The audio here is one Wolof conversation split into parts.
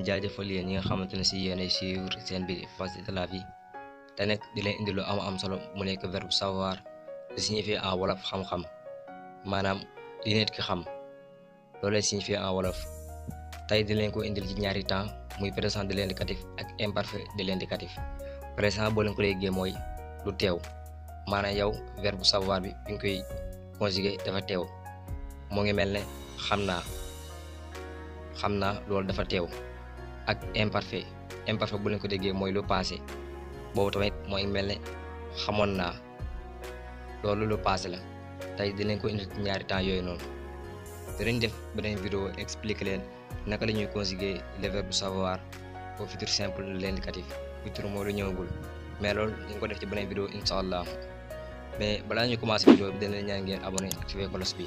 leen jaajëfal yéen ñi nga xamante ne si yéen ay suivre seen biir facette de la vie te nekk di leen indi lu am am solo mu nekk verbe savoir di signifie en wolof xam-xam maanaam li nit ki xam loolu signifie en wolof tey di leen ko indil ci ñaari temps muy présent de l'indicatif ak imparfait de l'indicatif présent boo leen ko déggee mooy lu teew maanaam yow verbe savoir bi bi ngi koy conjuguer dafa teew moo ngi mel ne xam naa xam naa loolu dafa teew ak imparfait imparfait bu leen ko déggee mooy lu passé boobu tamit moo mel ne xamoon naa loolu lu passé la tey dinañ ko indi ñaari temps yooyu noonu dinañ def beneen vidéo expliquer leen naka la ñuy conjuguer le verbe savoir au futur simple l'indicatif futur mooy lu ñëwagul mais loolu ñu ngi ko def ci beneen vidéo incha allah mais balaa ñuy commencé vidéo bi dinañ ñaan ngeen abonné activer cloche bi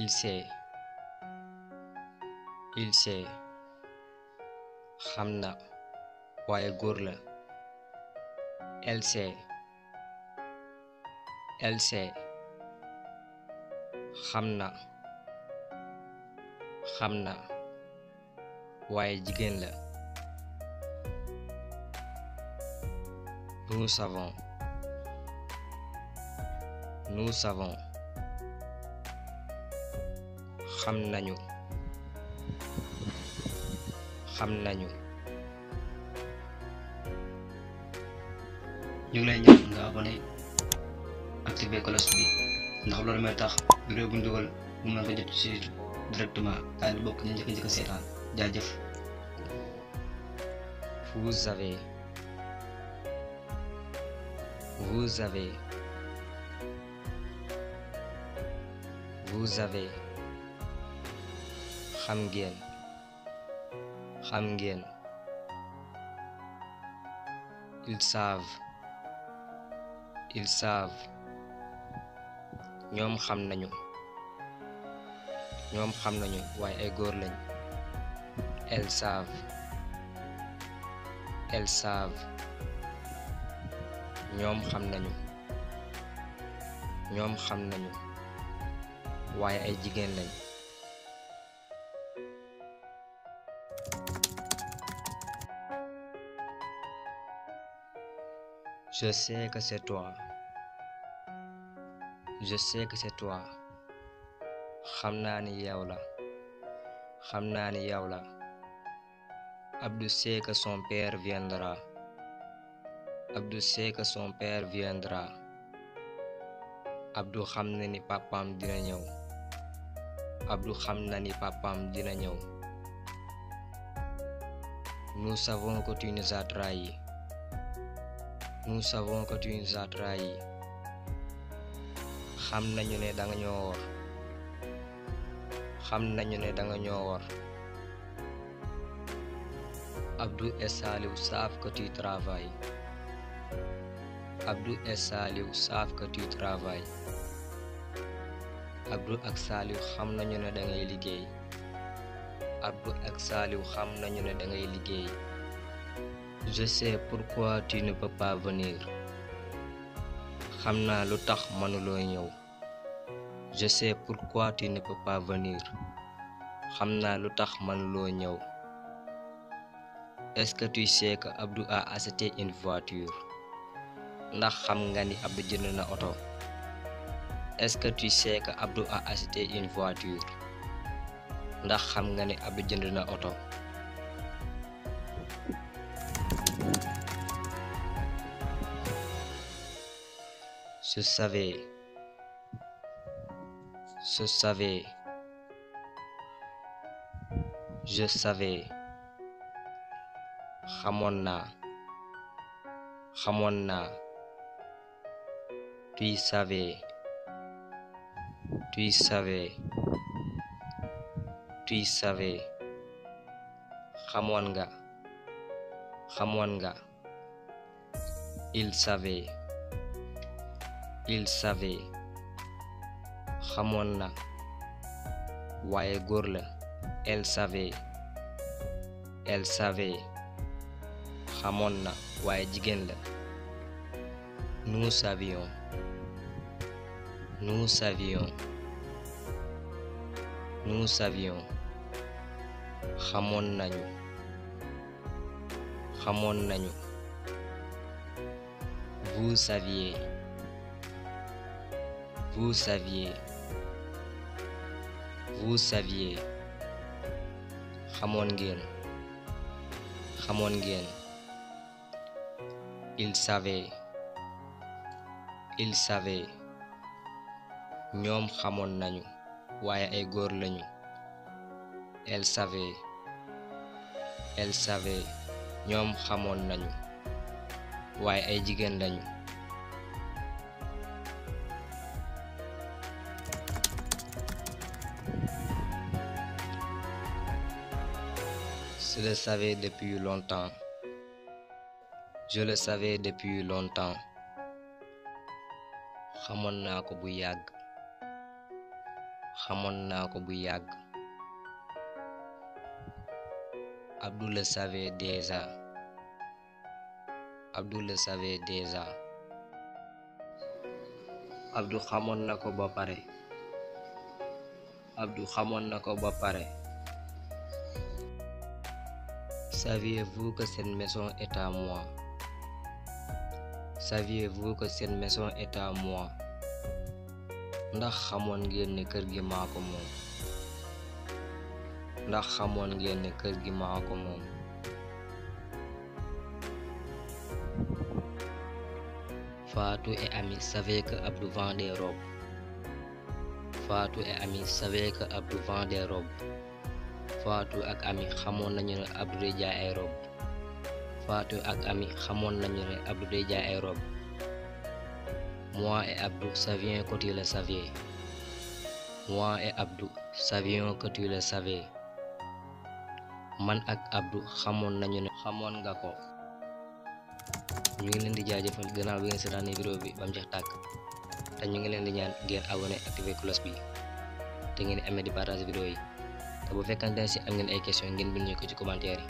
Il sait. Il sait. xam na waaye góor la. Elle sait. Elle sait. xam na. xam na waaye jigéen la nous savons nous savons xam nañu nañu ñu ngi lay nga abonné activé cloche bi loolu mooy tax vidéo bu ñu dugal mu mën ko jot directement daal di bokk ñu njëkk njëkk seetaan jaajëf vous avez vous avez xam ngeen xam ngeen ils savent ñoom xam nañu ñoom xam nañu waaye ay góor lañ elles savent elles savent ñoom xam nañu ñoom xam nañu waaye ay jigéen lañ Je sais c'est toi. Je sais c'est toi. xam naa ni yow la. xam naa ni yow la. Abdou sait que son père viendra. Abdou sait que son père viendra. Abdou xam na ni papam dina ñëw. Abdou xam na ni dina ñëw. Nous savons que tu nous savons que tu nous as xam nañu ne danga ñoo wor xam nañu ne danga ñoo wor Abdou et Saliou savent que tu travailles Abdou et Saliou savent que tu travailles xam nañu ne dangay liggéey Abdou ak Saliou xam nañu ne dangay liggéey je sais pourquoi tu ne peux xam naa lu tax mënuloo ñëw je sais pourquoi tu ne peux xam naa lu tax mënuloo ñëw est-ce que tu sais que Abdou a acheté une voiture ndax xam nga ni Abdou jënd na oto est-ce que tu sais que Abdou a acheté une voiture ndax xam nga ni Abdou jënd na oto se savait, se savait, je savais, xamoon naa, xamoon naa, tu savais, tu savais, tu savais, xamoon nga, il savait. il savait xamoon na waaye góor la elle savait elle savait xamoon na waaye jigéen la nous savions nu savions nous savions xamoon nañu xamoon nañu vous saviez Vous saviez. Vous saviez. xamoon ngeen. xamoon ngeen. Il savait. Il savait. ñoom xamoon nañu. waaye ay góor lañu. Elle savait. Elle savait. ñoom xamoon nañu. waaye ay jigéen lañu. Je le savais depuis longtemps. Je le savais depuis longtemps. xamoon naa ko bu yàgg. xamoon naa ko bu yàgg. Abdou le savait déjà. Abdou le savait déjà. Abdou xamoon na ko ba pare. Abdou xamoon na ko ba pare. Saviez-vous que cette maison est moi? ndax xamoon ngeen kër gi maa ko moom. ndax xamoon ngeen ne kër gi maa ko moom. Fatou et Ami savaient que Abdou vend des robes. Fatou faatu ak ami xamoon nañu ne abdu day jaay ay rob faatu ak ami xamoon nañu ne abdu day jaay ay rob moi et abdou savions que tu le savais moi et abdou savions que tu man ak abdou xamoon nañu ne xamoon nga ko ñu ngi leen di jaajëfal gannaaw bi ngeen seetaanee vidéo bi ba mu jeex tàkk te ñu ngi leen di ñaan ngeen abonné activé cloche bi te ngeen amee di partage vidéo yi te bu fekkante si am ngeen ay question ngeen bind ñu ko ci commentaire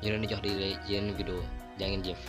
yi ñu leen di jox di yeneen vidéo jaa ngeen jëf